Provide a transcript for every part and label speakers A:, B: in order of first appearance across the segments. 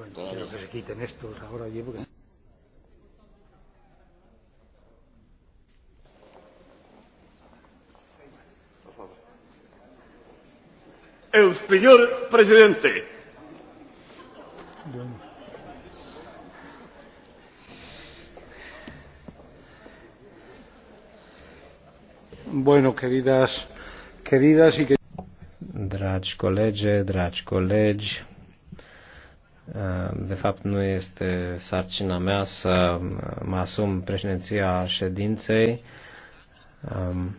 A: Bueno, quiero que se quiten estos ahora allí porque...
B: El señor presidente.
A: Bueno. Bueno, queridas, queridas y que...
C: Dragi colegi, dragi colegi, Uh, de fapt, nu este sarcina mea să mă asum președinția ședinței, um,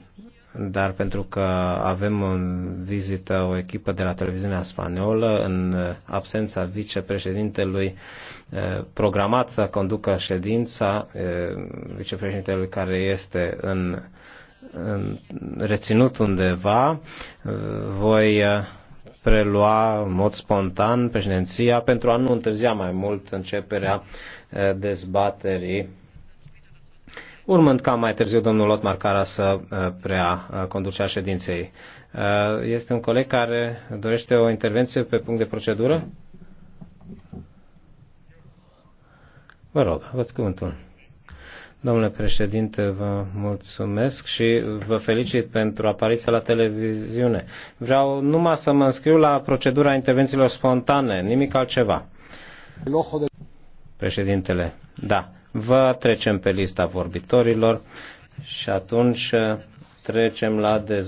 C: dar pentru că avem în vizită o echipă de la televiziunea spaniolă, în absența vicepreședintelui uh, programat să conducă ședința, uh, vicepreședintelui care este în, în reținut undeva, voi prelua în mod spontan președinția pentru a nu întârzia mai mult începerea eh, dezbaterii urmând ca mai târziu domnul Otmar Cara să eh, prea eh, conducea ședinței. Este un coleg care dorește o intervenție pe punct de procedură? Vă rog, aveți cuvântul. Domnule președinte, vă mulțumesc și vă felicit pentru apariția la televiziune. Vreau numai să mă înscriu la procedura intervențiilor spontane, nimic altceva. Președintele, da, vă trecem pe lista vorbitorilor și atunci trecem la dezbatere.